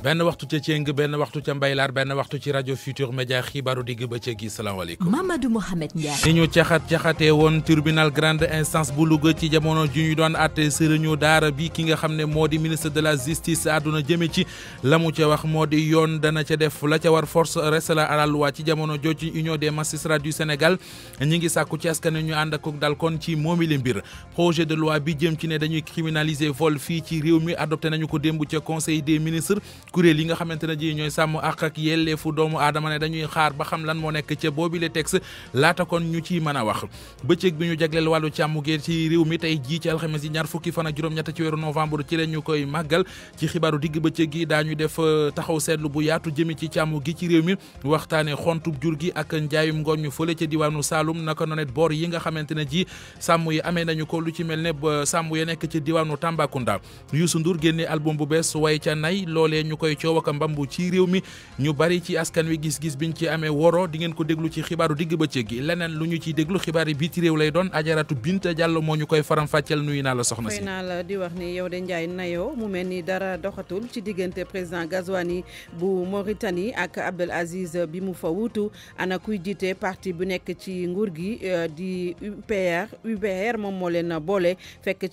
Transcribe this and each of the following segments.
benn waxtu ca Ceng benn waxtu ca Mbaylaar benn waxtu ci rajo Futur Média xibaaru digg bëccëg yi salaamaaleykum. Mamadou Mouhamed Ndiaye. ni ñu caxat caxatee woon tribunal grande instance bu Louga ci jamono ju ñu doon àtte sëriñu daara bi ki nga xam ne moo di ministre de la justice àdduna jëme ci la mu ca wax moo di yoon dana ca def la ca war force reste la à la ci jamono jooju union de magistrats du Sénégal ñi ngi sàkku ci na ñu ànd ak dal kon ci moomile mbir projet de loi bi jëm ci ne dañuy criminaliser vol fii ci réew mi adopté nañu ko démb ca conseil des ministres. kuréel yi nga xamante ne ji ñooy sàmm àq ak yelleefu doomu aadama ne dañuy xaar ba xam lan moo nekk ca boobile texte laata ñu ciy mën a wax bëccëg bi ñu jagleel wàllu càmm gi ci réew mi tey jii ci alxames yi ñaar fukki fan ak juróom ci weeru novembre ci leen ñu koy màggal ci xibaaru digg bëccëg gi daañu def euh, taxaw seetlu bu yaatu jëmi ci càmm gi ci réew mi waxtaane xontub jur gi ak njaayum ngoon ñu fële ca diwaanu Saalum naka nonet boor yi nga xamante ne ji sàmm yi amee nañu ko lu ci mel ne euh, sàmm ya nekk ci diwaanu Tambacounda Youssou Ndour génne album bu bees way ca nay loolee ñu koy coow ak mbambu ci mi ñu bari ci askan wi gis-gis biñ ci amee woro di ngeen ko déglu ci xibaaru digg bëccëg gi leneen lu ñu ciy déglu xibaar yi biiti réew lay doon ajaratu binta jàll moo ñu faram fàcceel nuyu naa la soxna la di wax ni yow de njaay mu dara doxatul ci diggante président gazwani bu mauritanie ak abdel aziz bi mu fa wutu ana kuy parti bu nekk ci nguur gi euh, di upr upr moom moo leen boole fekk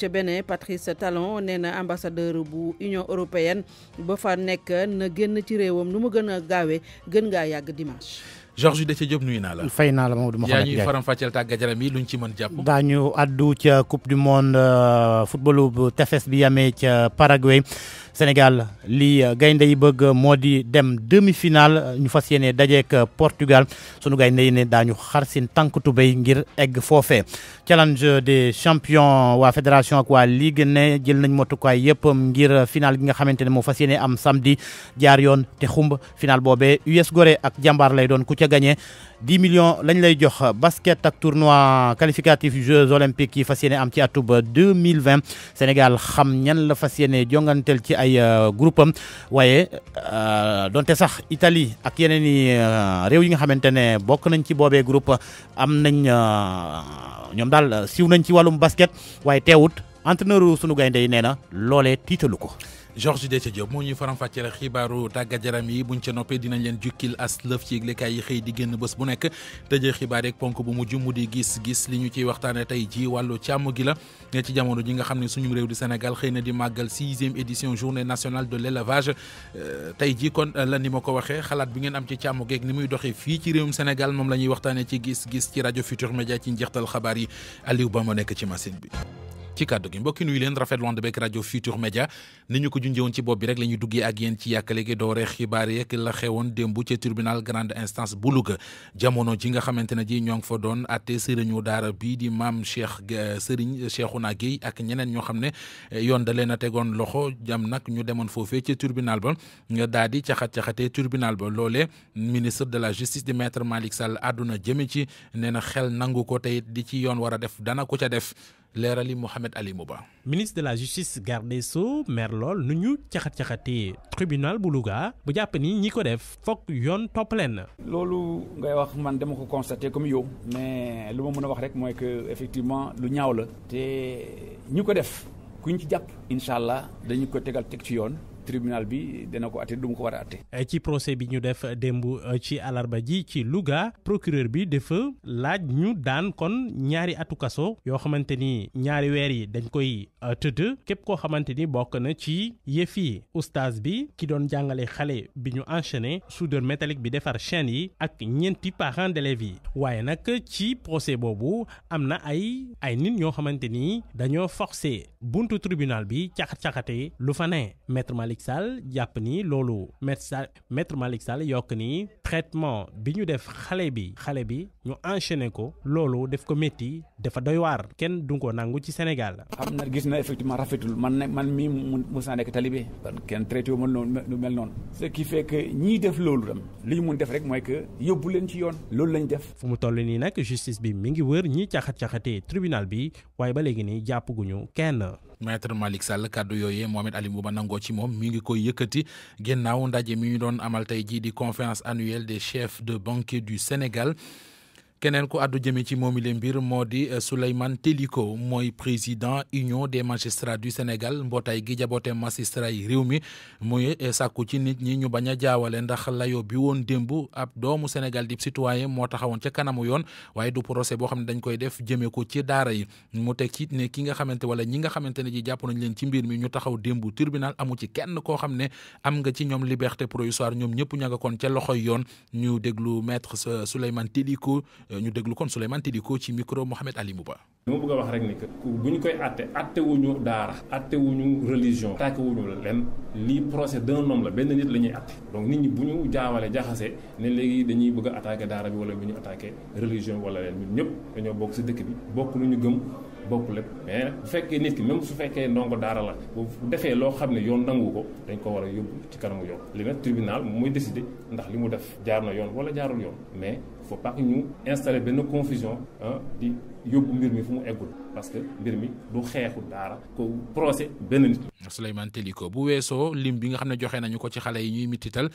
patrice talon nee na ambassadeur bu union européenne ba fam nekk na génn ci réewam lu ma gën a gaawee gën ngaa yàgg dimanche. de Dethie Diop nuyu naa la. fay naa la Maodo Mouhamed Ndiaye yaa ñuy faram fàcceel tàggat yaram yi luñ ci mën jàpp. daañu àddu ca coupe du monde euh, footballu bu tefes bi yamee ca Paraguay. Sénégal li euh, gagne yi bëgg modi dem demi-finale ñu fas yéene dajeek euh, Portugal sunu gaynde yi ne daañu xar seen tànk tubéy ngir egg foofee challenge des champions waa fédération quoi ligue ne jël nañ motukaay yëpp ngir euh, final gi nga xamante ne am samedi jaar yoon te xumb final bobé US Gorée ak Jambar lay doon ku ca gagné 10 millions lañ lay jox basket ak tournoi qualificatif Jeux olympiques yi fas yéene am ci atub 2020 Sénégal xam ñan la fas yéene jongantel ci ay euh, groupe am waaye euh, donte sax Italie ak yeneen i euh, réew yi nga xamante ne bokk nañ ci boobee groupe am nañ ñoom daal siw nañ ci wàllum basket waaye teewut entraîneur sunu gaynde yi nee na loolee tiitalu ko. Georges Déthié Diop moo ñuy faram-fàcceel xibaaru tàggat yaram yi buñ ca noppee dinañ leen jukkil as lëf ci yëglekaay yi xëy di génn bés bu nekk tëjee xibaar yeeg ponk bu mujj mu di gis-gis li ñu ciy waxtaane tey ji wàllu càmm gi la ne ci jamono ji nga xam ne suñu réew di Sénégal xëy na di màggal sixième édition journée nationale de l'élevage tey ji kon la ni ma ko waxee xalaat bi ngeen am ci càmm geeg ni muy doxee fii ci réewum Sénégal moom la ñuy ci gis-gis ci rajo Futur Média ci njeextal xabaar yi Aliou Ba nekk ci machine bi ci kàddu gi mbokki nuyu leen rafetlu ànd beeg rajo Futur Media ni ñu ko junjewoon ci bopp bi rek la ñuy duggee ak yéen ci yàkkale gi doore xibaar yeeg la xewoon démb ca tribunal grande instance bu Louga jamono ji nga xamante ne ji ñoo ngi fa doon atte sëriñu daara bii di maam Cheikh eh, Sëriñ Cheikhouna Guèye ak ñeneen ñoo xam ne eh, yoon da leen a tegoon loxo jam nag ñu demoon foofe ca tribunal ba nga daal di caxat-caxatee tribunal ba loolee ministre de la justice di maître Malick Sall àdduna jëme ci nee na xel nangu ko tey di ci yoon war a def dana ko ca def l'Erali Mohamed Ali Mouba. ministre de la justice garde des sceaux mer lool nu tribunal bu Louga bu japp ni ñi ko def foog yoon topp leen. ngay wax man dama ko comme yow mais luma mëna wax rek moy que effectivement lu ñaaw la. té ñi ko def kuñ ci japp inshallah dañu ko tégal tek ci yoon. tribunal bi dina ko atte dum ko wara a atte. Eh, ci procès bi ñu def dembu eh, ci alarba ji ci Louga procureur bi def laaj ñu daan kon ñaari atu kasso yo xamanteni ni ñaari weer yi dañ koy eh, teud kep ko xamanteni ni na ci yefi oustaz bi ki doon jangalé xalé bi ñu enchaîné soudeur métallique bi défar chaîne yi ak ñenti parents d'élèves yi waye nak ci procès bobu amna ay ay nit ñoo xamanteni dañoo forcé buntu tribunal bi caxat cakate lu fa né maître Sal, Sall jàpp ni loolu maître Sall yokk ni traitement bi ñu def xale bi xale bi ñu enchaîné ko loolu def ko métti dafa doy waar kenn du ko nangu ci Sénégal. am na gis na effectivement rafetul man ne man mii Moussa saa nekk talibé. kenn traité wu noonu mel noonu. ce qui fait que ni def loolu tam li ñu mun def rek mooy que yóbbu leen ci yoon. loolu lañ def. fu toll nii nag justice bi mi ngi wër ñi caxat tribunal bi waaye ba léegi nii jàpp guñu kenn maître Malik Sall Mohamed Ali Mbouba nangoo ci moom mi ngi koy conférence annuelle des chefs de banque du Sénégal. keneen ko àddu jëmee ci moomi le mbir moo di euh, Souleymane Teliko mooy président union des magistrats du Sénégal mbootaay gi jaboote magistrat yi réew mi muy euh, sàkku ci nit ñi ñu bañ a jaawale ndax layo bi woon démb ab doomu Sénégal di citoyen moo taxawoon ca kanamu yoon waaye du procès boo xam ne dañ koy def jëmee ko ci daara yi mu teg ci ne ki nga xamante wala ñi nga xamante ne ji jàpp nañ leen ci mbir mi ñu taxaw démbu tribunal amu ci kenn koo xam ne am nga ci ñoom liberté provisoire ñoom ñëpp ña nga kon ca loxoy yoon ñu déglu maître euh, Souleymane Teliko Euh, ñu déglu kon Souleymane coach ci micro Mohamed Ali Mouba. Nous bëgg wax rek ni que buñ koy atté atté wuñu dara atté wuñu religion attaque wuñu len li procès d'un homme la benn nit la ñuy donc nit ñi bu jaawale jaxase ne légui dañuy bëgg bi wala religion wala ñun ñëpp dañoo bokk ci dëkk bi bokku ñu gëm mais bu nit ki même su fekkee ndongo dara la bu defee loo xam ne dañ ko war a ci kanamu li tribunal muy décider ndax li def jaar na yoon wala jaarul mais faut pas que ñu installé benn confusion hein di yóbbu birmi fu mu parce que mbir mi du xeexu daara ko procès benn nit. Souleymane Teliko bu weesoo lim bi nga xam ne joxe nañu ko ci xalé yi ñuy mitital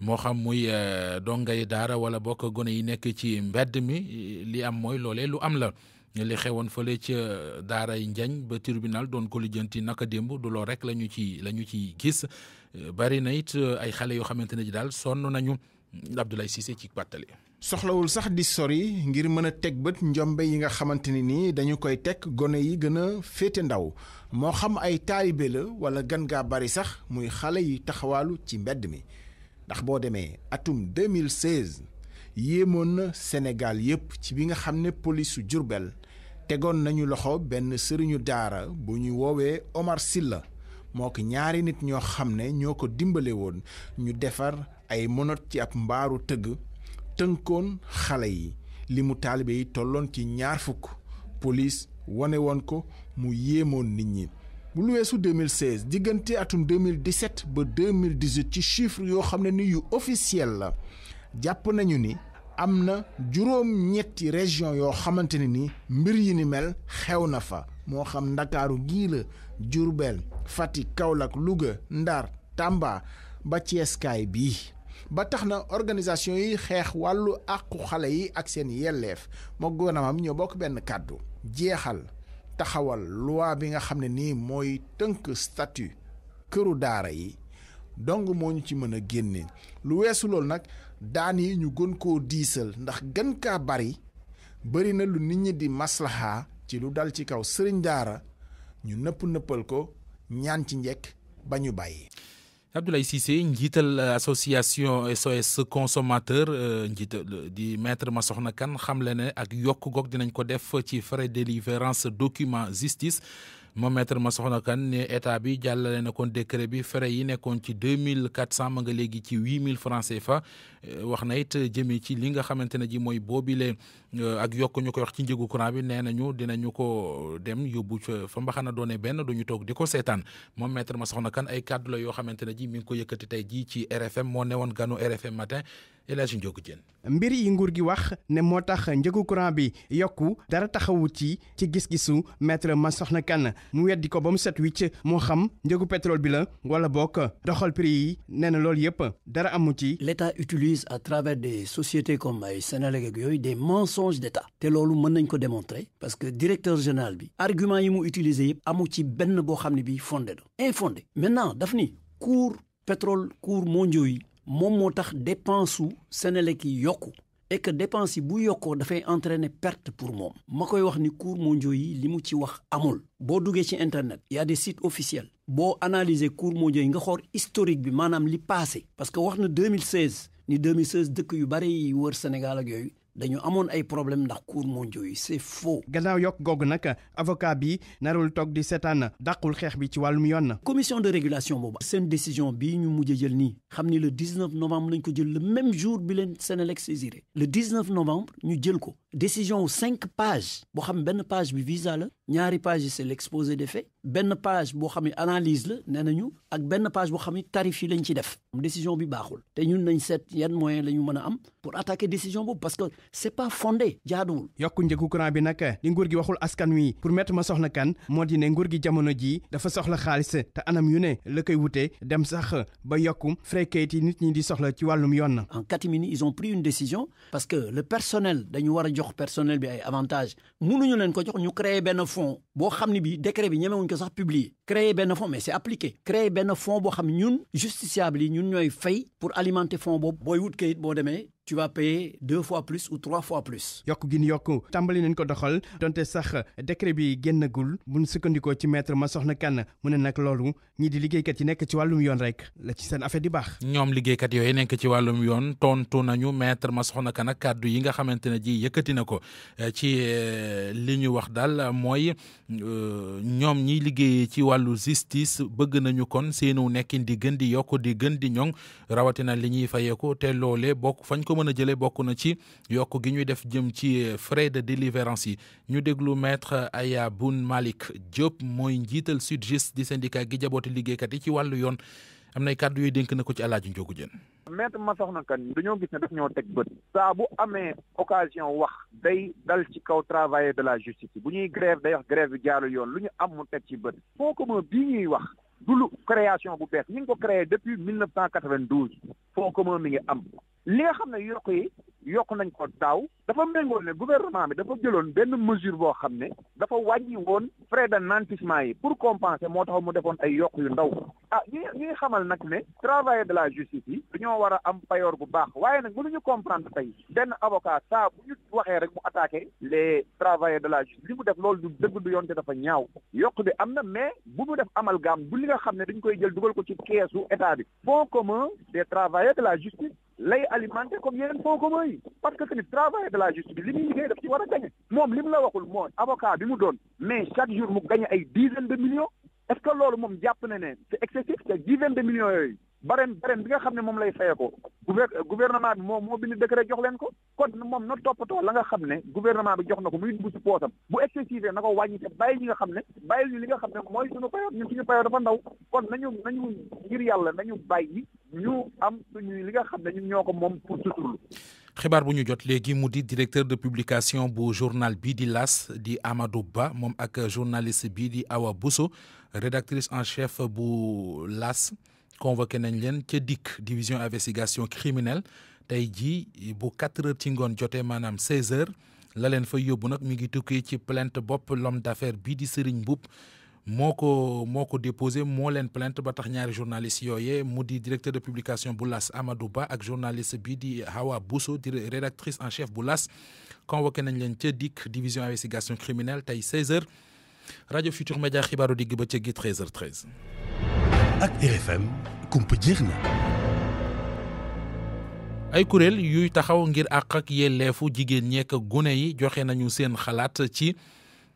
mo xam muy euh, dongay daara wala bokk gone yi nek ci mbedd mi li am moy lolé lu am la. li xewoon ci d'ara yi Njañ ba tribunal don ko lijjanti naka démb du lo rek lañu ci lañu ci gis euh, bari na it euh, ay xalé yo xamante ne ji nañu Abdoulaye Cissé ci patalé soxlawul sax di sori ngir mën a teg bët njombe yi nga xamante ni nii dañu koy tekk gone yi gën a féete ndaw moo xam ay taalibe la wala gan gaa bari sax muy xale yi taxawaalu ci mbedd mi ndax boo demee atum 2016 yéemoon na Sénégal yépp ci bi nga xam ne polisu Jurbel tegoon nañu loxo benn sëriñu daara bu ñu woowee Omar Silla moo ko ñaari nit ñoo xam ne ñoo ko dimbale woon ñu defar ay monote ci ab mbaaru tëgg tënkoon xale yi li mu taalibe yi tolloon ci ñaar fukk police wane woon ko mu yéemoon nit ñi bu lu weesu 2016 diggante atum 2017 ba 2018 ci chiffre yoo xam ne ni yu officiel la jàpp nañu ni am na juróom-ñetti région yoo xamante ne ni mbir yi ni mel xew na fa moo xam ndakaaru gii la Diourbel Fatick Kaolack Louga Ndar Tamba ba Ceeskaay bii ba tax na organisation yi xeex wàllu àqu xale yi ak seen yelleef moo gouvernement bi ñoo bokk benn kàddu jeexal taxawal loi bi nga xam ne nii mooy tënk statut këru daara yi donc moo ñu ci mën a génne lu weesu loolu nag daan yi ñu gën koo diisal ndax gën kaa bari bari na lu nit ñi di maslaha ci lu dal ci kaw sëriñ daara ñu nëpp nëppal ko ñaan ci njekk ba ñu bàyyi Abdoulaye Sissé, Njital euh, association SOS consommateur euh, njital euh, di maître Massokhna Kane xamle ne ak yokk gog dinañ ko def ci frais délivrance document justice moom ma soxna kan ne état bi jàllale na kon décret bi frais yi nekkoon ci deux mille quatre cent ma nga léegi ci huit mille francs CFA eh, wax na it jëmee ci li nga xamante ne ji mooy boobile eh, ak yokk ñu koy wax ci njëgu courant bi nee nañu dinañu ko dem yobu fa mbaxana doone benn duñu toog di ko seetaan moom ma soxna kan ay kàddu la yoo xamante ne ji mi ngi ko yëkkati tey jii ci RFM moo ne newoon ganu RFM matin. El Hadj Ndiogou Diène mbir yi nguur gi wax ne moo tax njëgu courant bi yokku dara taxawu ci ci gis-gisu maître ma soxna kan mu weddi ko ba mu set wicc moo xam njëgu pétrole bi la wala bokk doxal prix yi nee na loolu yëpp dara amu ci. l'État utilise à travers des sociétés comme ay Sénélec ak yooyu des mensonges d'État te loolu mën nañ ko démontrer parce que directeur général bi argument yi mu utiliser yëpp amu ci benn boo xam ne bi fondé do infondé maintenant daf ni cours pétrole cours mondiaux yi moom moo tax dépense su Senelec yokku et que dépense yi bu yokkoo dafay entraîner perte pour moom ma koy wax ni cour mondiaux yi li mu ci wax amul boo duggee ci internet y a des sites officiels boo analyser Cour mondiaux yi nga xool historique bi maanaam li passé parce que wax na 2016 ni 2016 dëkk yu bari yi wër Sénégal ak yooyu dañu amoon ay problème ndax cour mondiaux yi c'est faux. gannaaw yokk googu nag avocat bi narul toog di seetaan dàqul xeex bi ci wàllum yoon. commission de régulation boobu. seen décision bii ñu mujj jël nii xam ni le 19 novembre lañ ko jël le même jour bi leen Senelec saisiré le 19 novembre ñu jël ko décision cinq pages bo xam ben page bi visa la ñaari page c'est l'exposé des faits ben page bo xam analyse la nee ak ben page bo xam tarif yi lañ ci def décision bi baxul té ñun nañ seet yeen moyen lañu mëna am pour attaquer décision bo parce que c'est pas fondé jaaduwul yokku njëgu courant bi nak li nguur gi waxul askan wi pour mettre ma soxna kan modi di ne nguur gi jamono ji dafa soxla xaliss té anam yu ne le koy wute dem sax ba yokku frais nit ñi di soxla ci walum yoon en catimini ils ont pris une décision parce que le personnel dañu wara jox personnel bi ay avantage mënuñu leen ko jox ñu créer benn fonds boo xam ne bi décret bi ñemewuñ ko sax publier créer benn fonds mais c'est appliqué créer benn fonds boo xam ñun justiciable yi ñun ñooy fay pour alimenter fonds boobu booy wut kayit boo demee tu vas payer deux fois plus ou trois fois plus. yokk gi ñu tambali tàmbali ko doxal donte sax décret bi mun buñ sukkandikoo ci maître ma soxna kan mu nak lolu, ñi di di kat yi nek ci walum yoon rek la ci seen affaire di Ñom ñoom kat yooyu nekk ci walum yoon tontu nañu maître ma soxna kan kaddu yi nga xamantene ji yëkkati ko eh, ci eh, li ñu wax dal moy eh, ñom ñi liggéeyee ci walu justice bëgg nañu kon seenu nekkin di gën di yokk di gën di ñoŋ rawatina li fayeko té lolé bokk fañ ko mën a jëlee bokk na ci yokk gi ñuy def jëm ci euh, frais de délivrance yi ñu déglu maître Aya Boun malik Diop mooy njiital SYTJUST di syndicat gi jaboti liggéeykat yi ci wàllu yoon am nay kàddu yooyu dénk na ko ci Alaaji Njogu Jën maître ma soxna kan dañoo gis ne daf ñoo teg bët saa bu amee occasion wax day dal ci kaw travailler de la justice bu ñuy grève day wax grève bi yoon lu ñu am mu teg ci bët foo ko ma bii ñuy wax du création bu bees ñu ngi ko créé depuis 1992 foo commun mi ngi am li nga xam ne yokk yi yokk nañ ko daaw dafa méngoon ne gouvernement bi dafa jëloon benn mesure boo xam ne dafa wàññi woon frais de nantissement yi pour compenser moo tax mu defoon ay yokk yu ndaw ah ñi ñuy xamal nag ne travail de la justice yi dañoo war a am payoor bu baax waaye nag mënuñu comprendre tey benn avocat saa bu ñu waxee rek mu attaqué les travailleurs de la justice li mu def loolu du dëgg du yoon te dafa ñaaw yokk bi am na mais bu mu def amal amalgame bu li nga xam ne dañ koy jël dugal ko ci keesu état bi fonds commun des travailleurs de la justice lay alimenté combien de que comme parce que c'est le travail de la justice l'immunité, li de liggéey daf ci wara gagné. Mom lim la waxul avocat bi mu mais chaque jour mu gagne ay dizaine de millions est ce que lolu mom japp na c'est excessif c'est dizaine de millions barem barem bi nga xam ne moom lay faye ko gouvernement bi moo moo bind décret jox leen ko kon moom na toppatoo la nga xam ne gouvernement bi jox na ko muy dugg ci poosam bu excessive na ko wàññi te bàyyi ñi nga xam ne bàyyil ñu li nga xam ne mooy suñu payo ñun suñu payo dafa ndaw kon nañu nañu ngir yàlla nañu bàyyi ñu am suñu li nga xam ne ñun ñoo ko moom pour suturlu xibaar bu ñu jot léegi mu di directeur de publication bu journal bii di L'As di Amadou Ba moom ak journaliste bii di Awa Bousso rédactrice en chef bu L'As convoqué nañ len ci DIC division investigation criminelle tay ji bu 4 h ci ngone à manam 16 heures la len fa plainte bop l'homme d'affaires Bidi di Serigne Mboup moko déposé plainte ba tax ñaari journaliste yoyé. directeur de publication Boulas Amadouba Amadou le journaliste Bidi Hawa Bousso rédactrice en chef Boulas. convoqué nañ len ci DIC division investigation criminelle tay 16h. Radio Futur Média xibaaru digg ba h 13 h 13 ak RFM kumpa na. ay kuréel yuy taxaw ngir àq ak yelleefu jigéen ñekk gune yi joxe nañu seen xalaat ci.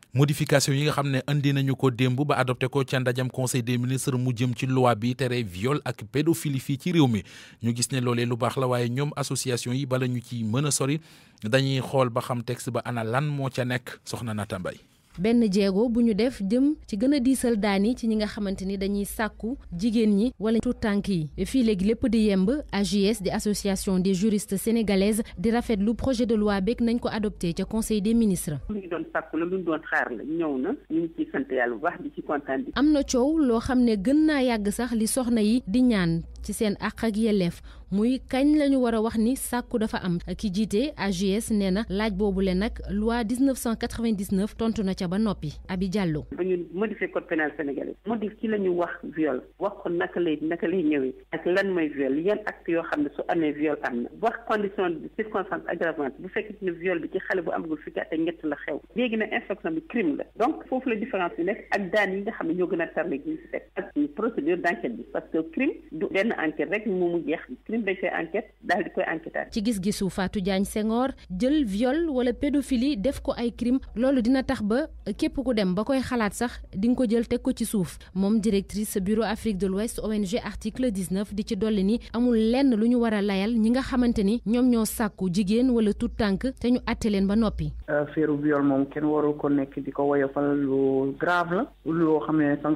modification yi nga xam ne indi nañu ko démb ba adopté ko ca ndajam conseil des ministres mu jëm ci loi bi tere viol ak pédophilie fii ci réew mi ñu gis ne loolee lu baax la waaye ñoom association yi bala ñu ci mën a sori dañuy xool ba xam texte ba ana lan moo ca nekk soxna natambay benn jéego bu ñu def jëm ci gën a diisal daan ci ñi nga xamante ni dañuy sàkku jigéen ñi wala tout tànk yi fii léegi lépp di yemb AJS di association des juristes sénégalaises di rafetlu projet de loi beeg nañ ko adopté ca conseil des ministres. lu ñu doon sàkku la lu ñu doon xaar la ñëw na ñu ngi sant yàlla bu baax di ci kontaan. am na coow loo xam ne gën naa yàgg sax li soxna yi di ñaan. ci seen àq ak yelleef muy kañ la ñu war a wax ni sàkku dafa am ki jiite AGS nee na laaj boobu le nag loi 1999 tontu na ca ba noppi Abi Diallo. ba ñu modifier code pénal sénégalais modif ci la ñu wax viol wax ko naka lay naka lay ñëwee ak lan mooy viol yan acte yoo xam ne su amee viol am na wax condition circonstance aggravante bu fekkee ne viol bi ci xale bu amagul fukki at ak ñett la xew léegi na infraction bi crime la donc foofu la différence bi nekk ak daan yi nga xam ne ñoo gën a tarle gi si teg ak procédure d' enquête bi parce que crime du benn enquête rek mu mu jeex crime dañ koy enquête daal di koy enquêtaat. ci gis-gisu Fatou Diagne Senghor jël viol wala pédophilie def ko ay crime loolu dina tax ba képp ku dem ba koy xalaat sax di nga ko jël teg ko ci suuf moom directrice bureau Afrique de l'Ouest ONG article 19 di ci dolli ni amul lenn lu ñu war a layal ñi nga xamante ni ñoom ñoo sàkku jigéen wala tout tànk te ñu àtte leen ba noppi. affaire viol moom kenn warul ko nekk di ko woyofal lu la loo xam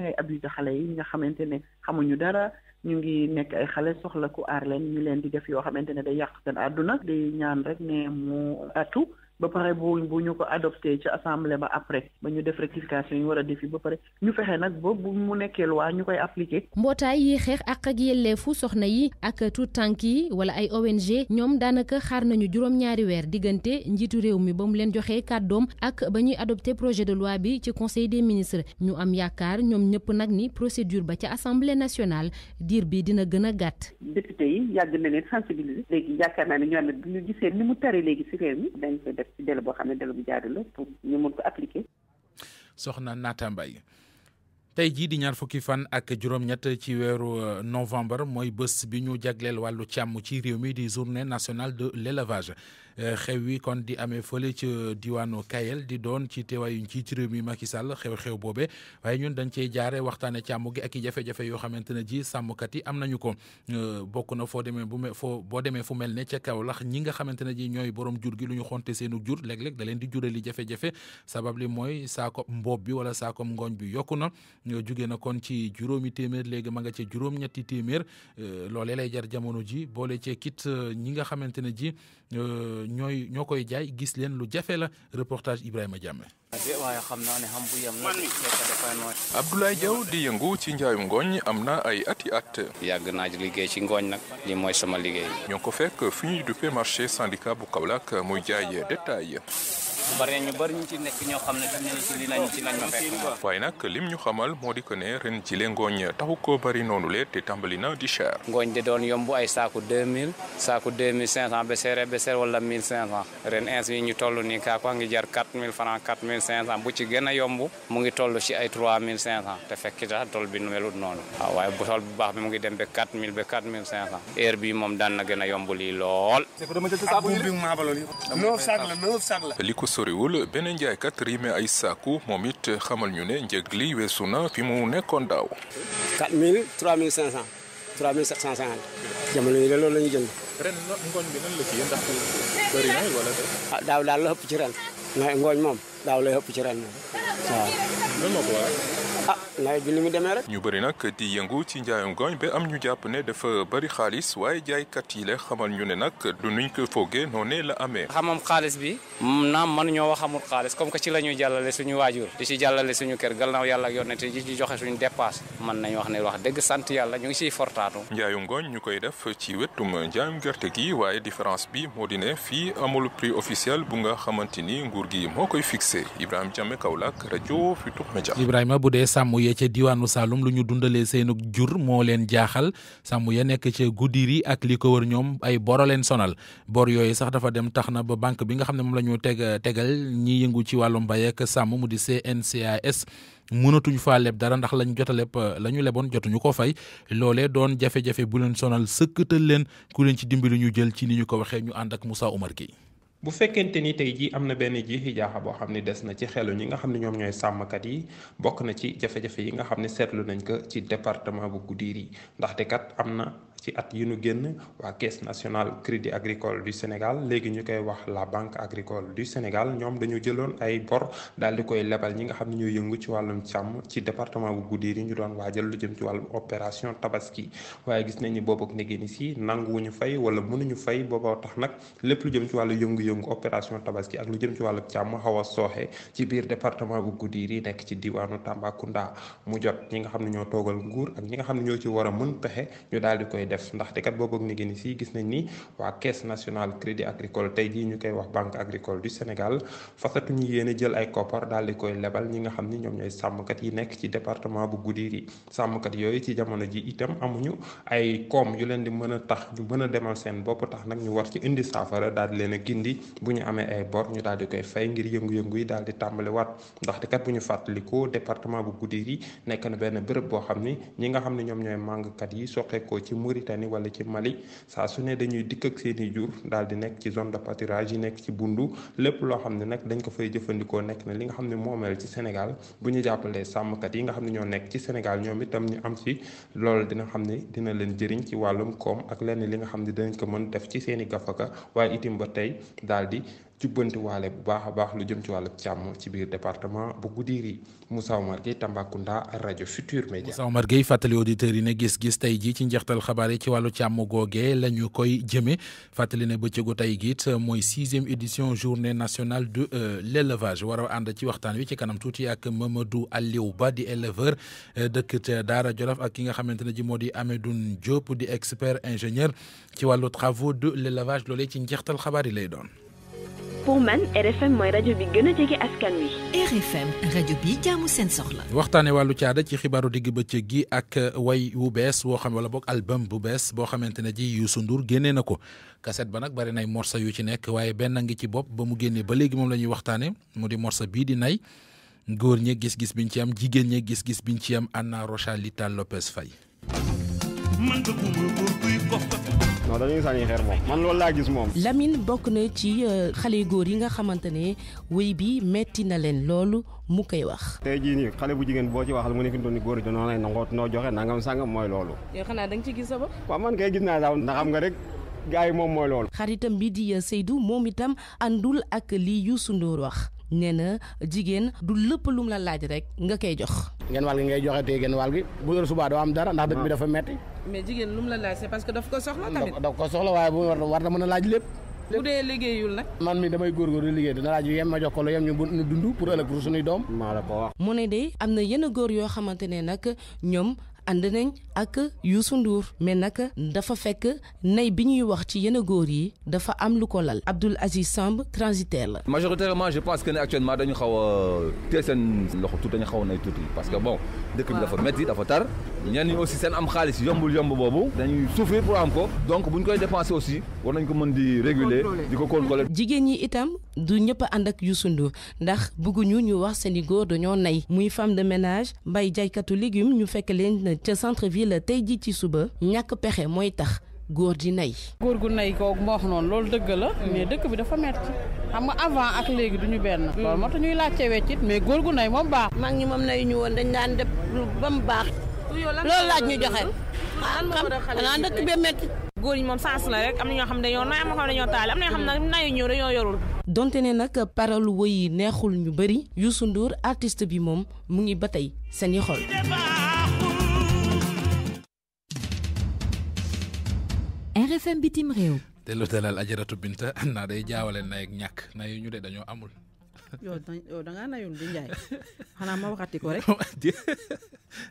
a abusé xale yi nga xamante ne xamuñu dara ñu ngi nekk ay xale soxla ku ar len ñu leen di def yoo xamante ne day yàq seen àdduna di ñaan rek ne mu atu ba pare bu bu ñu ko adopté ci assemblée ba après ba ñu def rectification yi war a ba pare ñu fexe nag ba bu mu nekkee loi ñu koy appliqué. mbootaay yi xeex ak ak yelleefu soxna yi ak tout tànk yi wala ay ONG ñoom daanaka xaar nañu juróom-ñaari weer diggante njiitu réew mi ba mu leen joxee kàddoom ak ba ñuy adopté projet de loi bi ci conseil des ministres ñu am yaakaar ñoom ñëpp nag ni procédure ba ca assemblée nationale diir bi dina gën a gàtt. yàgg yaakaar naa ne ñoo ne ci délai boo xam ne délai bu jaadu la pour ñu mun ko appliquer. soxna Naata Mbaye tey jii di ñaar fukki fan ak juróom-ñett ci weeru euh, novembre mooy bés bi ñu jagleel wàllu càmm ci réew mi di journée nationale de l'élevage xew wi kon di amee fële ca diwaanu Kayel di doon ci teewaayu ci réew mi Macky Sall xew-xew boobe waaye ñun dañ cey jaare waxtaane càmm gi ak i jafe-jafe yoo xamante ne ji sàmmkat yi am nañu ko euh, bokk na foo demee bu me foo boo demee fu mel ne ca Kaolack ñi nga xamante ne ji ñooy borom jur gi lu ñu xonte seenu jur lek léeg da leen di jurali jafe-jafe sabab li mooy saako mboob bi wala saako ngooñ bi yokku na jugee na kon ci juróomi téeméer léegi ma nga ca juróom-ñetti téeméer euh, loole lay jar jamono ji boole cee kit euh, ñi nga xamante ne ji Euh, ñooy ñoo koy jaay gis leen lu jafe la reportage Ibrahima Diame. Abdoulaye Diaw di yëngu ci njaayum ngooñ am na ay ati at. yàgg naa liggéey ci ngooñ nag li mooy sama liggéey. ñoo ko fekk fi ñuy du duppee marché syndicat bu Kaolack muy jaay détail. ñu bari ñu bari ñu ci ne fi ñu ci waaye nag lim ñu xamal moo di ko ne ren ci le ngooñ taxu koo bari noonu le te tàmbali na di cher ngooñ de doon yomb ay 2000 2500 ba seere ba wala 1500 ren ins yi ñu toll kaa ko ngi jar 4000 francs 4500 bu ci gën a yomb mu ngi toll ci ay 3500 te fekk sax tool bi nu melut noonu waaw waaye bu tool bu baax bi mu ngi dem ba 4000 ba 4500 heure bi moom daan na gën a yomb lii lool soriwul beneen jaaykat Rimé ay sàkku moom xamal ñu ne fi mu 4000 3500 3750 jamono yi jënd. ren bi nan la ndax na wala ah daal la ci ren. lay ci ren. waaw. lan ah nawet bi ni mu demee rek. ñu bëri nag di yëngu ci njaayum gooñ ba am ñu jàpp ne dafa bari xaalis waaye jaaykat yi la xamal ñu ne nag du nuñ ko foogee noonee la amee. xamam xaalis bi naam man ñoo wax amul xaalis comme que ci la ñuy jàllale suñu waajur di ci jàllale suñu kër gannaaw yàlla ak yonente ji ci joxe suñu dépasse mën nañ wax ne wax dëgg sant yàlla ñu ngi fortaatu. njaayum gooñ ñu koy def ci njaayum gerte gi waaye différence bi moo di ne fii amul prix officiel bu nga xamante ni nguur gi moo koy fixé Ibrahima Diame Kaolack rajo Ibrahima bu dee sàmm ya ca diwaanu Saloum lu ñu dundalee seenu jur moo leen jaaxal sàmm ya nekk ca Goudiri ak li ko war ñoom ay boro leen sonal bor yooyu sax dafa dem tax na ba banque bi nga xam ne moom la ñu teg tegal ñi yëngu ci wàllum mbay ak sàmm mu di CNCAS mënatuñ faa leb dara ndax lañ jot a leb la leboon jotuñu ko fay loole doon jafe-jafe bu leen sonal sëkkatal leen ku leen ci dimbali ñu jël ci ni ñu ko waxee ñu ànd ak Moussa Oumar Gueye bu fekkente ni tey jii am na benn jiixi jaaxa boo xam ne des na ci xelu ñi nga xam ne ñoom ñooy sàmmkat yi bokk na ci jafe-jafe yi nga xam ne seetlu nañ ko ci département bu yi ndaxte kat am na ci at yi nu génn waa caisse nationale crédit agricole du sénégal léegi ñu koy wax la banque agricole du sénégal ñoom dañu jëloon ay bor daal di koy lebal ñi nga xam ne ñoo yëngu ci wàllum càmm ci département bu guddiir yi ñu doon waajal lu jëm ci wàllum opération tabaski waaye gis nañu boobu ak négéeni si nanguwuñu fay wala mënuñu fay booboo tax nag lépp lu jëm ci wàllu yëngu-yëngu opération tabaski ak lu jëm ci wàllu càmm xaw a sooxe ci biir département bu guddiir yi nekk ci diwaanu tambacounda mu jot ñi nga xam ne ñoo toogal nguur ak ñi nga xam ne ñoo ci war a mën pexe ñu daal di koy def ndax dekat boobu ak ni gën si gis nañ ni wa caisse nationale crédit agricole tay ji ñu koy wax banque agricole du Sénégal ñu yéene jël ay copar dal di koy lebal ñi nga xamni ñom ñoy ñooy sàmmkat yi nekk ci département bu Goudiry sàmmkat yoy ci jamono ji itam amuñu ay kom yu leen di mëna tax ñu mëna a demal seen bop tax nak ñu war ci indi safara dal di gindi bu ñu amee ay bor ñu dal di koy fay ngir yëngu-yëngu yi dal di tàmbaliwaat ndaxte kat bu ñu fàttalikoo département bu Goudiry nekk na benn bërepp bo xamni ñi nga xamni ñom ñoy mang kat yi ko ci muri Mauritanie wala ci Mali saa su ne dañuy dikk ak seen i jur daal nekk ci zone de pâturage yi nekk ci bundu lépp loo xam ne nag dañ ko fay jëfandikoo nekk na li nga xam ne moomeel ci Sénégal bu ñu jàppalee sàmmkat yi nga xam ne ñoo nekk ci Sénégal ñoom itam ñu am ci loolu dina xam ne dina leen jëriñ ci wàllum koom ak lenn li nga xam ne dinañ ko mën def ci seen i gafaka waaye itim ba tey daal di jubbantiwaale bu baax a baax lu jëm ci wàllub càmm ci biir département bu Goudiry Moussa Omar Gueye Tambacounda rajo Futur Media. Moussa Omar Gueye fàttali auditeurs yi ne gis-gis tey jii ci njeextal xabaar yi ci wàllu càmm googee la ñu koy jëmee fàttali ne bëccëgu tey gi it mooy sixième édition journée nationale de euh, l' élevage war a ànd ci waxtaan wi ci kanam tuuti ak Mamadou Aliou Ba di éleveur euh, dëkk ca Daara Jolof ak ki nga xamante ne ji moo di Diop di expert ingénieur ci wàllu travaux de l' élevage loolee ci njeextal xabaar yi lay doon. pour man RFM mooy rajo bi gën a jege askan wi. RFM rajo bi jaamu seen soxla. waxtaanee wàllu caada ci xibaaru digg bëccëg gi ak way wu bees woo xam wala boog album bu bees boo xamante ne ji Youssou Ndour génnee na ko kaset ba nag bari nay morsa yu ci nekk waaye benn ngi ci bopp ba mu génnee ba léegi moom la ñuy waxtaanee mu di morsa bii di nay ngóor ñe gis-gis biñ ci am jigéen ñe gis-gis biñ ci am Anna Rocha Lita Lopez Faye. man bëgguma góor kuy kof non dañuy sànni xeer moom man loolu laa gis moom. Lamine bokk na ci euh, xale góor yi nga xamante ne wéy bi metti na leen loolu mu koy wax. tey jii nii xale bu jigéen boo ci wax mu ne fi mu toll nii góor yi dañoo lay nangoo noo joxe nangam sangam mooy loolu. yow xanaa da nga ci gis sa bopp. waaw man kay gis naa daaw ndax xam nga rek. gaay moom mooy loolu. xaritam bi di euh, Seydou moom itam àndul ak li Youssou Ndour wax. nee na jigéen du lépp lum la laaj rek nga koy jox. genn wàll gi ngay joxe te genn wàll gi bu doon subaa doo am dara ndax dëkk bi dafa metti mais jigéen lum la laaj c'est parce que daf ko soxla tamit. daf ko soxla waaye bu war na mën a laaj lépp. bu dee liggéeyul nag. man mi damay góor góorgóorlu liggéey dina laaj yem ma jox ko lu yem ñu ñu dund pour ëllëg pour doom. ko wax. mu ne de am na yenn góor yoo xamante ne nag ñoom ànd nañ ak Youssou Ndour mais nag dafa fekk nay bi ñuy wax ci yenn góor yi dafa am lu ko lal Abdoul Aziz Samb transitaire la. majoritairement je pense que ne actuellement dañu xaw a téye seen loxo tuuti dañu xaw a nay tuuti parce que bon. dëkk bi dafa métti dafa tar. ñenn ñi aussi seen am xaalis yombul yomb boobu. dañuy souffrir pour am ko donc buñ koy dépenser aussi war nañ ko mën di réguler di ko contrôler. jigéen ñi itam. du ñëpp ànd ak Youssou Ndour ndax bëgguñu ñu wax seeni góor dañoo nay muy femme de ménage mbay jaaykatu légumes ñu fekk leen ca centre ville tey ji ci suba ñàkk pexe mooy tax góor di nay. góor gu nay kooku moo wax noonu loolu dëgg la. mais dëkk bi dafa metti xam nga avant ak léegi duñu benn. loolu moo tax ñuy laajte weccit mais góor gu nay moom baax. mag ñi moom nay ñu woon dañu daan def ba mu baax. loolu laaj ñu joxe. lan dëkk bi metti góor yi moom sens la rek am na ñoo xam dañoo nooy ñoo xam dañoo am na ñoo xam nag nayu ñëw dañoo yorul. donte ne nag parole woy yi neexul ñu bari Youssou Ndour artiste bi moom mu ngi ba tey seen i xol. RFM bitim réew. te lu dalal ajaratu Binta naa day jaawale nay ak ñàkk nayu ñu de dañoo amul. yow da ngaa nayul di njaay xanaa ma waxati ko rek.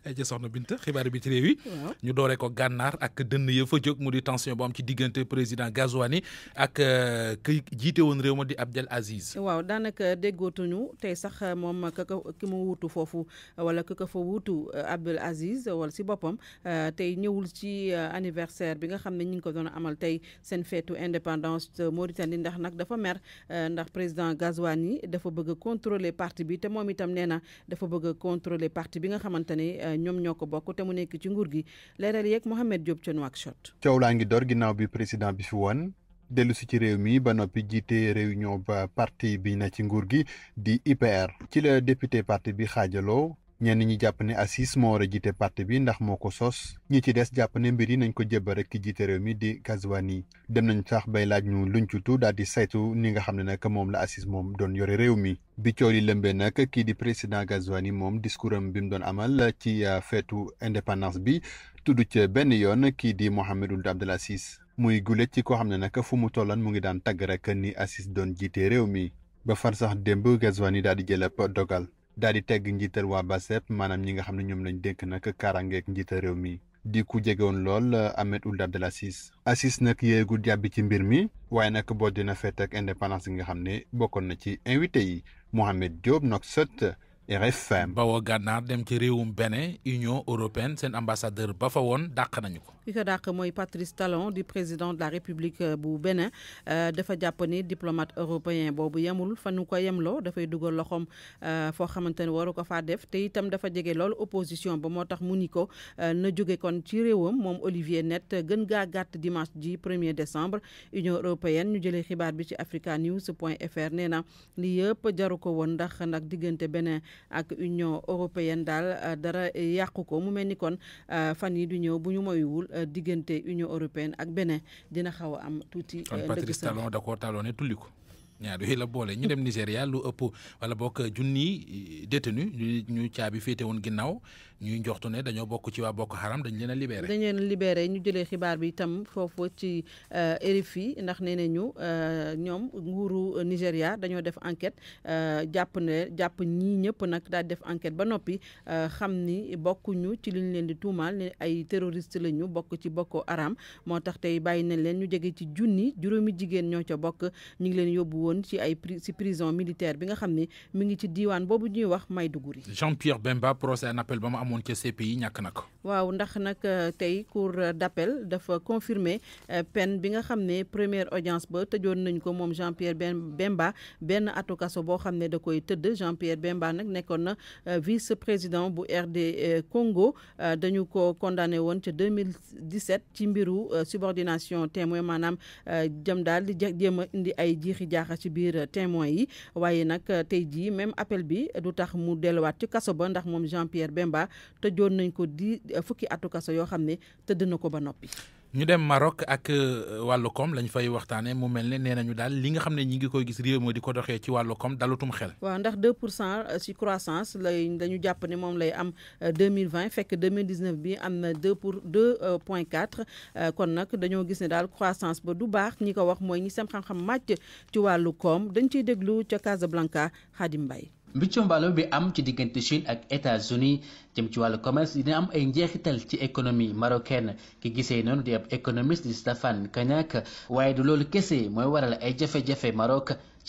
ay ca soxna Binta xibaar bi ci réew yi. ñu doore ko gànnaar ak dënn ya fa jóg mu di tension bu am ci diggante président Gazouani ak euh, ki jiite woon réew ma di Abdel Aziz. waaw daanaka déggootuñu tey sax moom ka ki mu wuutu foofu wala ka fa wuutu euh, Abdel Aziz wala si boppam euh, tey ñëwul ci anniversaire bi nga xam ne ñu ngi ko doon amal tey seen feetu indépendance Mauritanie ndax nag dafa mer ndax président Gazouani dafa. dafa bëgg a parti bi te moom itam nee na dafa bëgg a contrôler parti bi nga xamante ne euh, ñoom ñoo ko bokk te mu nekk ci nguur gi leeral yeeg Mohamed Diop ca Nouakchott. coow laa ngi door ginnaaw bi président bi fi woon dellu si ci réew mi ba noppi jiite réunion ba parti bi na ci nguur gi di IPR ci la député parti bi xaajaloo. ñenn ñi japp ne Assis moo war a jiite parti bi ndax moo ko sos ñi ci des japp ne mbir nañ ko rek ki réew mi di Gazwani dem nañ sax bay laaj ñu luncutu daal di saytu ni nga xam ne nag moom la Assis moom doon yore réew mi bi cool lëmbee nag di président Gazwani moom discours am bi mu doon amal ci euh, feetu indépendance bi tudd ci benn yoon kii di Mohamed Ould Abdel assis muy gule ci koo xam ne nag fu mu tollan mu ngi daan tagg rek ni Assis doon jiite réew mi ba far sax démb Gazwani daal di jëlab dogal daal di tegg njiital waa BASEP maanaam ñi nga xam ne ñoom lañu dénk nag kaaraangeeg njiital réew mi di ku jegewoon lool Ahmed Ould Abdel Aziz Aziz nag yéegul jàbbi ci mbir mi waaye nag boo dina fête ak indépendance yi nga xam ne bokkoon na ci invité yi Mohamed Diop Nouakchott RFM bawoo Ghana dem ci réewum Bénin Union européenne sen ambassadeur ba fa woon dàq nañu ko. Patrice Talon du président de la République euh, bu Bénin euh, dafa jàpp diplomate européen bobu yamul fa nu ko da fay duggal loxom euh fo ne waru ko def te itam dafa lool opposition ba motax mu ni ko euh, na jóge kon ci mom Olivier Net gën ga dimanche ji 1er décembre Union européenne ñu jëlé xibaar bi ci africanews.fr point li yëpp jaruko won ndax nak Bénin. ak union européenne daal euh, dara yàqu ko mu mel ni kon euh, fan yi du ñëw bu ñu moywul euh, diggante union européenne ak beneen dina xaw am tuuti. kon Patrice Talon da koo taloone tulli ko ñaar yooyu la boole ñu dem Nigéria lu ëpp wala bokk junni détenu ñu caabi féete woon ginnaaw. ñuy njortu ne dañoo bokk ci waa Boko Haram dañ leen a libéré. dañ leen ñu jëlee xibaar bi itam foofu ci euh, RFI ndax nee nañu euh, ñoom nguuru euh, Nigéria dañoo def enquête jàpp ne jàpp ñii ñëpp nag daal def enquete ba noppi xam ni bokkuñu ci li liñ leen di tuumaal ne ay terroriste lañu bokk ci Boko Haram moo tax tey bàyyi nañ leen ñu jege ci junni juróomi jigéen ñoo ca bokk ñu ngi leen yóbbu woon ci ay ci prison militaire bi nga xam ni mu ngi ci diiwaan boobu ñuy wax may jean yi Bemba procès amoon ca CPI ñàkk na ko. waaw ndax nag euh, tey cour d'appel dafa confirmer euh, peine bi nga xam ne première audience ba tëjoon nañ ko moom Jean Pierre ben, Bemba benn atu kaso boo xam ne da koy tëdd Jean Pierre Bemba nag nekkoon na euh, vice président bu RD Congo dañu ko condamné woon ca 2017 ci mbiru subordination témoin maanaam jëm daal di jéem a indi ay jiixi jaaxa ci biir témoin yi waaye nag tey jii même appel bi du tax mu delluwaat ci kaso ba ndax moom Jean Pierre Bemba te tëjoon nañ ko di euh, fukki atu kaso yoo xam ne tëdd na ko ba noppi. ñu dem Maroc ak euh, wàllu koom lañu fay waxtaanee mu mel ne nee nañu daal li nga xam ne ñi ngi koy gis réew moo di ko doxee ci wàllu koom dalutum xel. waa ndax 2 pour cent si euh, croissance lay dañu jàpp ne moom lay am mille vingt fekk 2019 bi am na 2 pour 2 point 4 kon nag dañoo gis ne daal croissance ba du baax ñi ko wax mooy ñi seen xam-xam màcc ci wàllu koom dañ ciy déglu ca Casablanca Khadim Mbaye mbiccombalo bi am ci diggante Chine ak États-Unis jëm ci wàllu commerce dina am ay njeexital ci économie marocaine ki gisee noonu di ab économiste di Stéphane waaye du loolu kese mooy waral ay jafe-jafe Maroc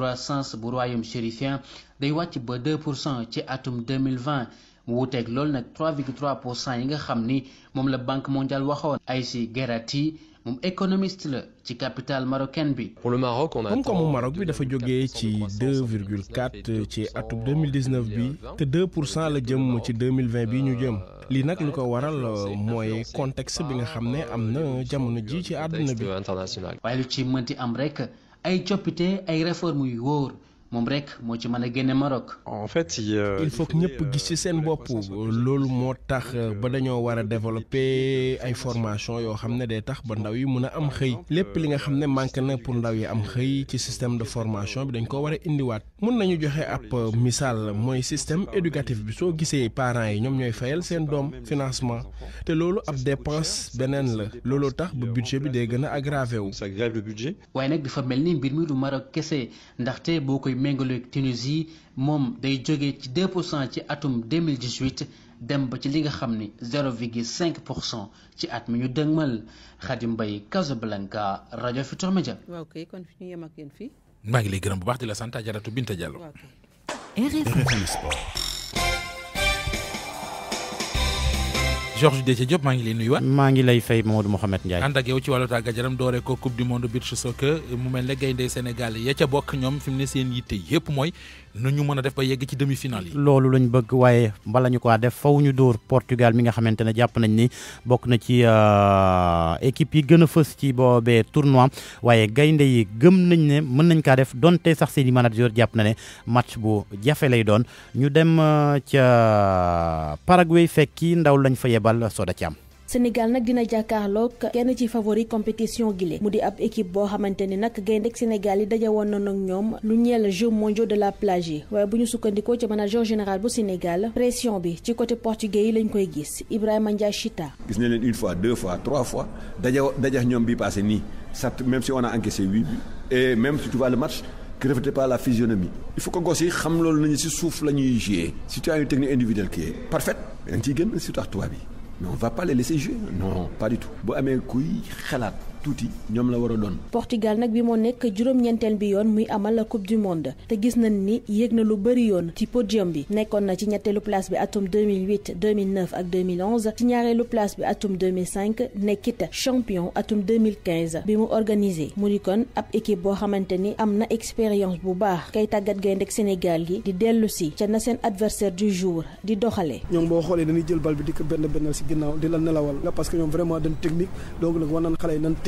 croissance bu royaume chérifien day wacc ba 2 ci atum 2020 mu wuuteeg loolu nag 3,3 yi nga xamni mom la banque mondiale waxoon Aïssi Guerati mom économiste la ci capital marocaine bi. pour le Maroc on a. koom comme Maroc bi dafa joggé ci 2,4 ci atum 2019 bi te 2 pour la jëm ci 2020 bi ñu jëm. li nak lu ko waral moy contexte bi nga xamné amna jamono ji ci aduna bi. waaye lu ci mënti am rek. ay coppite ay réformes yu wóor moom rek ci mën a Maroc. en fait il faut que ñëpp gis ci seen bopp loolu moo tax euh, ba dañoo wara développer ay formation yo xamné ne tax ba ndaw yi mëna am xëy lépp li nga xamné ne na pour ndaw yi am xëy ci système de formation bi dañ ko wara indi indiwaat. mun nañu joxé ab euh, misal moy système éducatif bi so gissé parents yi ñom ñoy fayal seen dom financement té lolu ab dépense benen la lolu tax bu budget bi dé gëna aggravé wu. ça aggrave le budget. way nak dafa melni ni mbir mi du Maroc kessé ndax té bokoy méngaleeg Tunisie mom day jóge ci 2 ci atum 2018 dem ba ci li nga xamni 0,5 ci at mi ñu dëgmal Xadim baye Casablanca radio futur media waaw kay kon fi ñu yam ak yeen fi ma ngi lay gërëm bu baax di la Santa Ajaratu Binta Diallo. Georges Déthié Diop maa ngi lay nuyuwaat. maa ngi lay fay Mamadou Mouhamed Ndiaye. ànd ak yow ci wàllu tàggat yaram doore ko coupe du monde beach soccer mu mel ne gaynde Sénégal ya ca bokk ñoom fi mu ne seen yitte yëpp mooy nu ñu mën a def ba yegg ci demi-finale yi. loolu lañ bëgg waaye bala ñu ko def faw ñu dóor Portugal mi nga xamante ne jàpp nañ ni bokk na ci euh, équipe yi gën a fës ci boobee tournoi waaye gaynde yi gëm nañ ne mën nañ kaa def donte sax seeni manager jàpp na ne match bu jafe lay doon ñu dem euh, ca Paraguay fekki ndaw lañ fa yebal Soda Thiam. Sénégal nak dina jàkkaarloog kenn ci favori compétition gile mu di ab équipe bo xamanténi nak nag Sénégal yi d'ajawon woon na nag ñom lu ñël jeu mondiaux de la plage yi buñu sukkandiko ci manager général bu Sénégal pression bi ci côté portugais yi lañ koy gis Ibrahima Ndiaye Chita. gis na leen une fois deux fois trois fois d'ajaw daje ñom bi passé ni. même si on a encaissé huit et même si tu vois le match. qui ne reflète pas la physionomie. il faut que gos yi xam loolu nañu ci suuf la ñuy si tu as une technique individuelle qui est parfaite da nga tu gën si tax mais on ne va pas les laisser jouer non pas du tout Bon, amee couille khalat tuuti ñoom la war a doon. Portugal nag bi moo nekk juróom-ñeenteel bi yoon muy amal coupe du monde te gis nañ ni yéeg na lu bëri yoon ci podium bi nekkoon na ci ñetteelu place bi atum 2008 2009 ak 2011 ci ñaareelu place bi atum 2005 nekkit champion atum 2015 bi mu organisé mu ni kon ab équipe boo xamante ni am na expérience bu baax kay tàggat gaynde Sénégal gi di dellu si ca na seen adversaire du jour di doxale ñoom boo xoolee dañuy jël bal bi di ko benn bennal si ginnaaw di la nelawal la parce que ñoom vraiment dañ technique donc nag war nañ xale nañ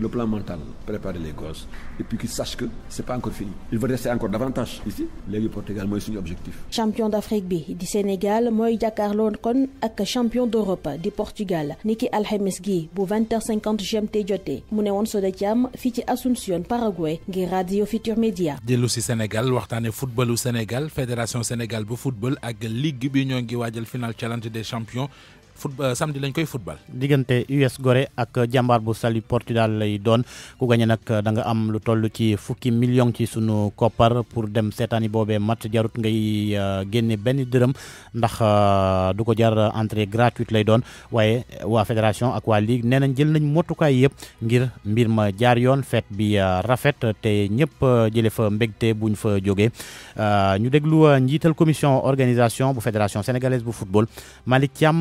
le plan mental, préparer les gosses, et puis qu'ils sachent que c'est pas encore fini. Ils vont rester encore davantage ici. les Portugal c'est un objectif. champion d'Afrique B du Sénégal moi, jàkkaarloo kon ak champion d'Europe du Portugal niki alxames gi pour 20h50 GMT jotee Mouné Sodetiam, fiti Sode Paraguay radio Futur Media. dellu si Sénégal football au Sénégal fédération Sénégal bu football la ligue bi ñoo final challenge des champions football euh, samedi lañ koy football. diggante US Gorée ak jàmbaar bu Saly Portudal lay doon ku gagné nak euh, da nga am lu tollu ci fukki millions ci sunu koppar pour dem seetaani boobee match jarut ngay euh, génne benn dërëm ndax du ko jar entrée gratuite lay doon wayé wa fédération ak wa ligue nee jël nañ motukaay yépp ngir mbir ma jaar yoon fête bi rafet té ñëpp jëlé fa mbégté buñ fa joggé ñu déglu njiital commission organisation bu fédération sénégalaise bu football Malick Thiam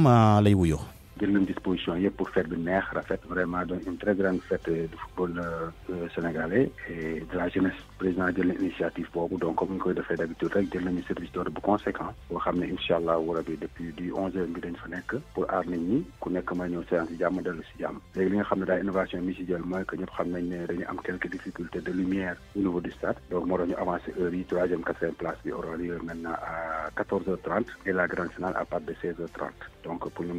il y a une disposition pour faire bi neex rafet vraiment une très grande fête du football euh, euh, sénégalais et de la jeunesse président de l'initiative donc comme le d'habitude rek service conséquent boo inchallah depuis du 11 heures pour Arménie, nit ku séance si li nga innovation quelques difficultés de lumière au niveau du stade donc ñu heure yi place bi maintenant à 14 heures 30 et la grande finale à partir de 16h30. donc pour ñu